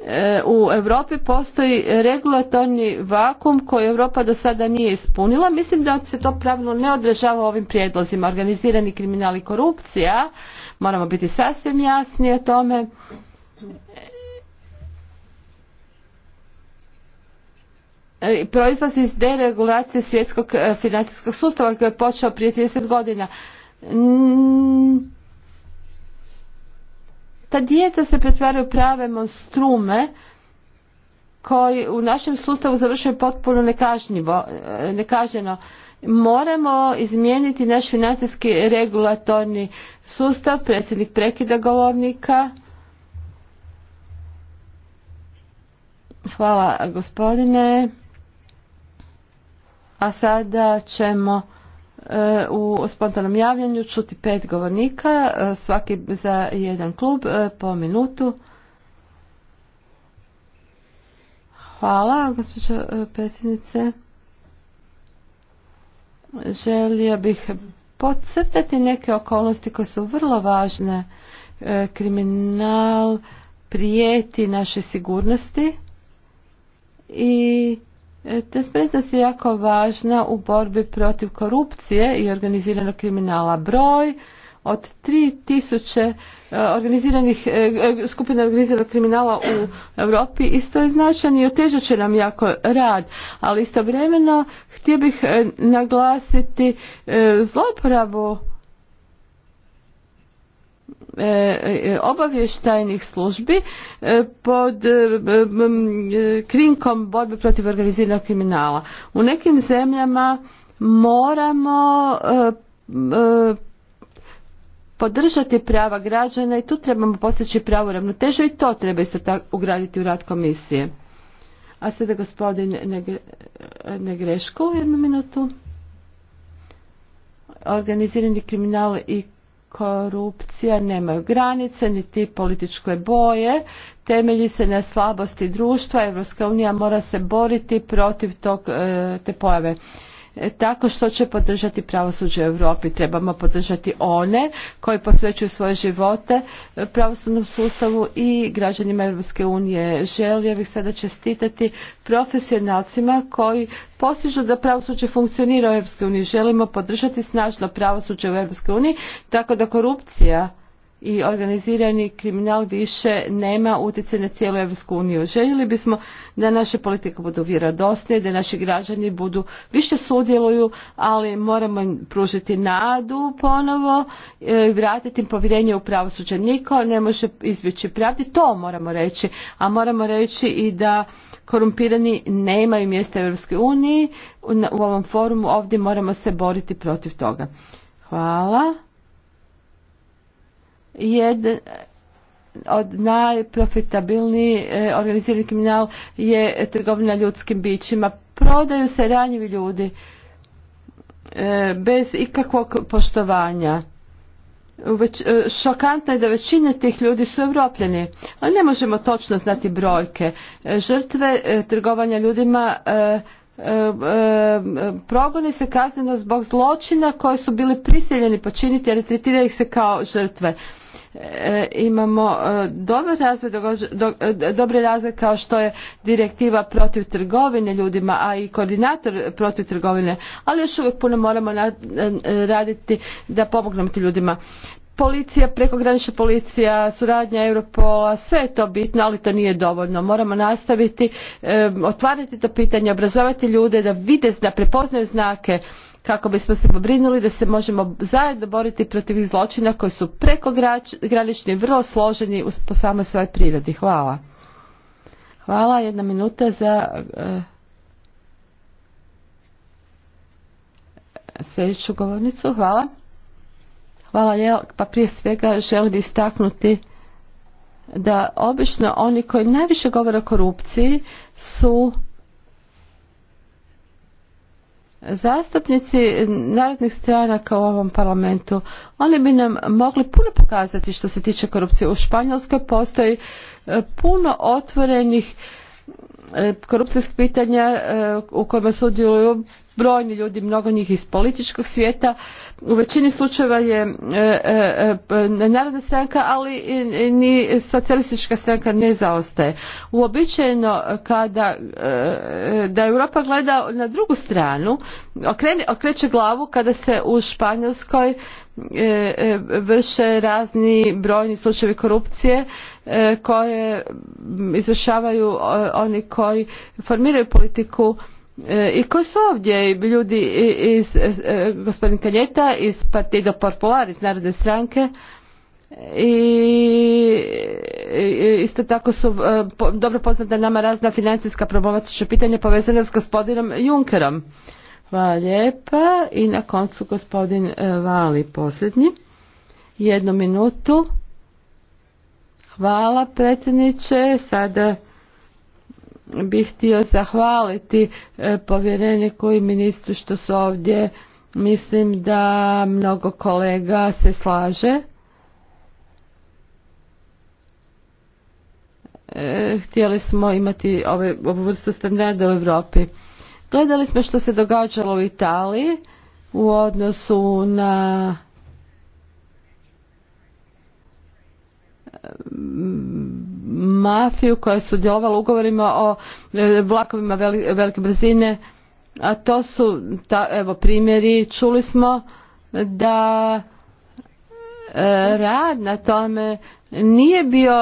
B: e, u Europi postoji regulatorni vakum koji Europa do sada nije ispunila. Mislim da se to pravilno ne odražava ovim prijedlozima. Organizirani kriminal i korupcija, moramo biti sasvim jasni o tome, E, proizlazi iz deregulacije svjetskog e, financijskog sustava koji je počeo prije 30 godina. Mm. Ta djeca se pretvaraju prave monstrume koji u našem sustavu završaju potpuno nekažnjivo, e, nekažnjeno. Moramo izmijeniti naš financijski regulatorni sustav, predsjednik prekida govornika. Hvala gospodine. A sada ćemo e, u spontanom javljanju čuti pet govornika, e, svaki za jedan klub e, po minutu. Hvala, gospođo predsjednice. Želio bih podcrtati neke okolnosti koje su vrlo važne. Kriminal prijeti naše sigurnosti i spretnost je jako važna u borbi protiv korupcije i organiziranog kriminala. Broj od 3000 e, organiziranih, e, e, skupina organiziranog kriminala u Europi isto je značajan i otežat će nam jako rad, ali istovremeno htio bih naglasiti zloporabu E, e, obavještajnih službi e, pod krinkom borbe protiv organiziranog kriminala. U nekim zemljama moramo podržati prava građana i tu trebamo postići pravu ravnotežu i to treba isto tako ugraditi u rad komisije. A sada gospodin Negreško u jednu minutu. Organizirani kriminal i korupcija nemaju granice niti političke boje, temelji se na slabosti društva, Europska unija mora se boriti protiv e, te pojave tako što će podržati pravosuđe u Europi. Trebamo podržati one koji posvećuju svoje živote pravosudnom sustavu i građanima Europske unije. Želio bih sada čestitati profesionalcima koji postižu da pravosuđe funkcionira u Europskoj uniji. Želimo podržati snažno pravosuđe u Europskoj tako da korupcija i organizirani kriminal više nema utjecaj na cijelu Europsku uniju. Željeli bismo da naše politike budu vjerodosne, da naši građani budu više sudjeluju, ali moramo im pružiti nadu ponovo, i e, vratiti im povjerenje u pravosuđe. Niko ne može izbjeći pravdi, to moramo reći, a moramo reći i da korumpirani nemaju mjesta u Europskoj uniji. U ovom forumu ovdje moramo se boriti protiv toga. Hvala. Jedan od najprofitabilniji e, organizirani kriminal je trgovina ljudskim bićima. Prodaju se ranjivi ljudi e, bez ikakvog poštovanja. Već, e, šokantno je da većina tih ljudi su evropljeni, ali ne možemo točno znati brojke. Žrtve trgovanja ljudima progoni se kazneno zbog zločina koji su bili prisiljeni počiniti, ali tretira ih se kao žrtve. E, imamo e, dobar razvoj, e, dobri razvoj kao što je direktiva protiv trgovine ljudima, a i koordinator protiv trgovine, ali još uvijek puno moramo raditi da pomognemo tim ljudima. Policija, prekogranična policija, suradnja Europola, sve je to bitno, ali to nije dovoljno. Moramo nastaviti, otvarati to pitanje, obrazovati ljude da vide, da prepoznaju znake kako bismo se pobrinuli da se možemo zajedno boriti protiv zločina koji su prekogranični, vrlo složeni po samoj svojoj prirodi. Hvala. Hvala, jedna minuta za eh, sljedeću govornicu. Hvala. Hvala, pa prije svega želim istaknuti da obično oni koji najviše govore o korupciji su Zastupnici narodnih stranaka u ovom parlamentu, oni bi nam mogli puno pokazati što se tiče korupcije. U Španjolskoj postoji e, puno otvorenih e, korupcijskih pitanja e, u kojima sudjeluju brojni ljudi, mnogo njih iz političkog svijeta. U većini slučajeva je e, e, e, narodna stranka, ali ni socijalistička stranka ne zaostaje. Uobičajeno kada da Europa gleda na drugu stranu, okreće glavu kada se u Španjolskoj vrše razni brojni slučajevi korupcije koje izvršavaju oni koji formiraju politiku E, i koji su ovdje ljudi iz, e, e, gospodin Kaljeta iz Partido Popular iz Narodne stranke i isto tako su dobro poznata nama razna financijska problematična pitanja povezana s gospodinom Junkerom. Hvala lijepa i na koncu gospodin Vali posljednji. Jednu minutu. Hvala predsjedniče. Sada bih htio zahvaliti e, povjereniku i ministru što su ovdje. Mislim da mnogo kolega se slaže. E, htjeli smo imati ove, ovu vrstu standarda u Europi. Gledali smo što se događalo u Italiji u odnosu na mafiju koja je sudjelovala ugovorima o e, vlakovima velike brzine a to su ta, evo primjeri čuli smo da e, rad na tome nije bio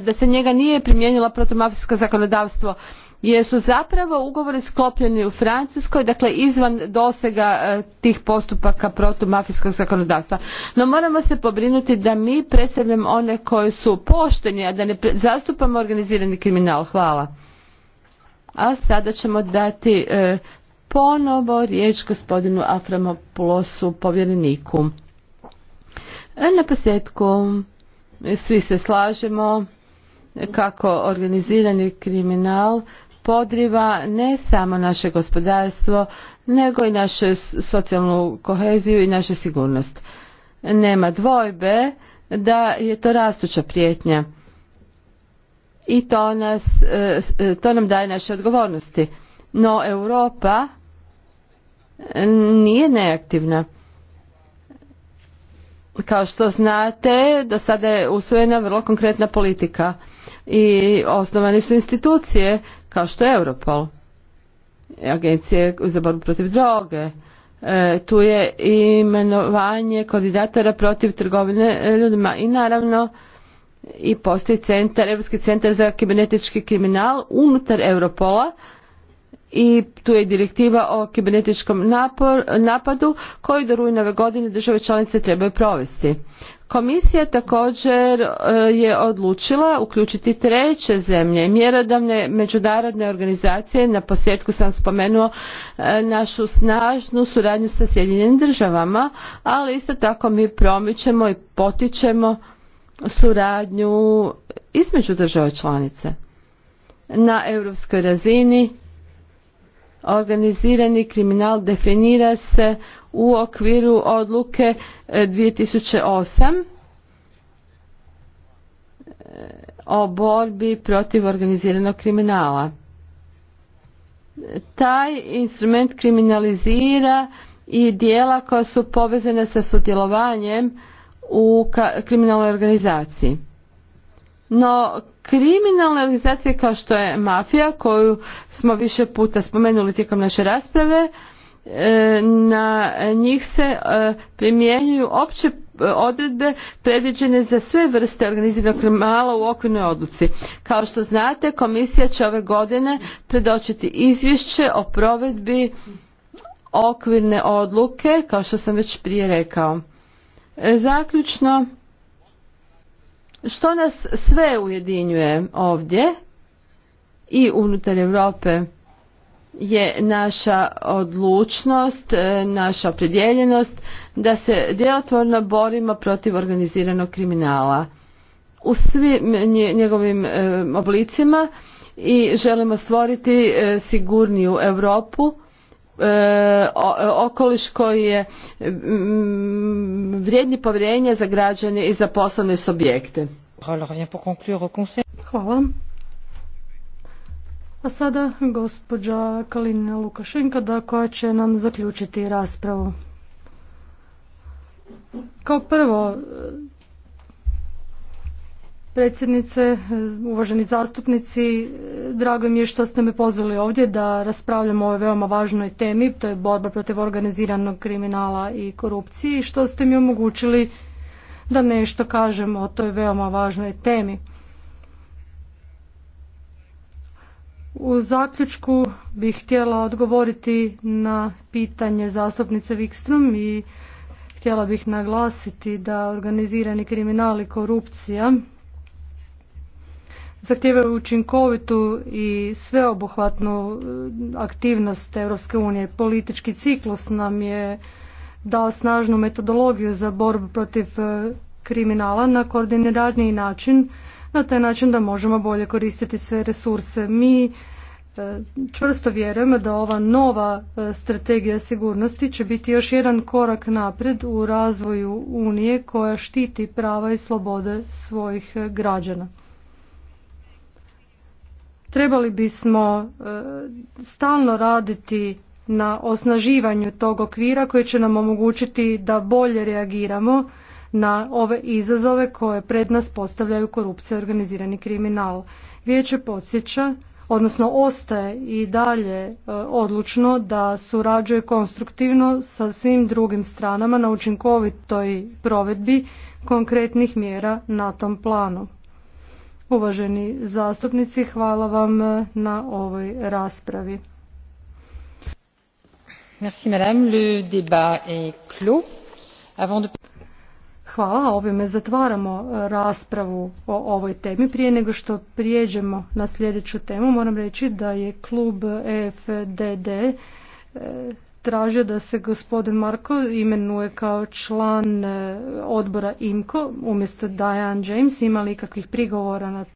B: da se njega nije primijenilo protumafijsko zakonodavstvo jer su zapravo ugovori sklopljeni u Francuskoj, dakle izvan dosega e, tih postupaka protumafijskog zakonodavstva. No moramo se pobrinuti da mi predstavljamo one koji su pošteni, a da ne zastupamo organizirani kriminal. Hvala. A sada ćemo dati e, ponovo riječ gospodinu Aframopulosu povjereniku. E, na posljedku svi se slažemo kako organizirani kriminal podriva ne samo naše gospodarstvo, nego i našu socijalnu koheziju i našu sigurnost. Nema dvojbe da je to rastuća prijetnja i to, nas, e, e, to nam daje naše odgovornosti. No Europa nije neaktivna. Kao što znate, do sada je usvojena vrlo konkretna politika i osnovane su institucije kao što je Europol, agencije za borbu protiv droge, e, tu je imenovanje koordinatora protiv trgovine ljudima i naravno i postoji centar, Europski centar za kibernetički kriminal unutar Europola i tu je direktiva o kibernetičkom napadu koji do rujna ove godine države članice trebaju provesti. Komisija također e, je odlučila uključiti treće zemlje, mjerodavne međunarodne organizacije, na sam spomenuo e, našu snažnu suradnju sa Sjedinjenim državama, ali isto tako mi promičemo i potičemo suradnju između država članice na europskoj razini organizirani kriminal definira se u okviru odluke 2008 e, e, o borbi protiv organiziranog kriminala. Taj instrument kriminalizira i dijela koja su povezana sa sudjelovanjem u kriminalnoj organizaciji. No, kriminalne organizacije kao što je mafija, koju smo više puta spomenuli tijekom naše rasprave, e, na njih se e, primjenjuju opće e, odredbe predviđene za sve vrste organiziranog kriminala u okvirnoj odluci. Kao što znate, komisija će ove godine predočiti izvješće o provedbi okvirne odluke, kao što sam već prije rekao. Zaključno, što nas sve ujedinjuje ovdje i unutar Europe je naša odlučnost, e, naša opredjeljenost da se djelotvorno borimo protiv organiziranog kriminala u svim njegovim e, oblicima i želimo stvoriti e, sigurniju Europu E, okoliš koji je mm, vrijedni povjerenja za građane i za poslovne subjekte. Hvala.
A: A sada gospođa Kalina Lukašenka da koja će nam zaključiti raspravu. Kao prvo predsjednice, uvaženi zastupnici. Drago mi je što ste me pozvali ovdje da raspravljamo o ovoj veoma važnoj temi, to je borba protiv organiziranog kriminala i korupcije i što ste mi omogućili da nešto kažem o toj veoma važnoj temi. U zaključku bih htjela odgovoriti na pitanje zastupnice Wikström i htjela bih naglasiti da organizirani kriminal i korupcija zahtijevaju učinkovitu i sveobuhvatnu e, aktivnost Europske unije. Politički ciklus nam je dao snažnu metodologiju za borbu protiv e, kriminala na koordiniraniji način, na taj način da možemo bolje koristiti sve resurse. Mi e, čvrsto vjerujemo da ova nova strategija sigurnosti će biti još jedan korak napred u razvoju Unije koja štiti prava i slobode svojih građana. Trebali bismo e, stalno raditi na osnaživanju tog okvira koji će nam omogućiti da bolje reagiramo na ove izazove koje pred nas postavljaju korupcija i organizirani kriminal. Vijeće podsjeća, odnosno ostaje i dalje e, odlučno da surađuje konstruktivno sa svim drugim stranama na učinkovitoj provedbi konkretnih mjera na tom planu. Uvaženi zastupnici, hvala vam eh, na ovoj raspravi. Merci madame, le débat est clos. Avant Hvala, ovime zatvaramo eh, raspravu o ovoj temi. Prije nego što prijeđemo na sljedeću temu, moram reći da je klub EFDD traže da se gospodin Marko imenuje kao član eh, odbora IMCO umjesto Diane James. Ima li ikakvih prigovora na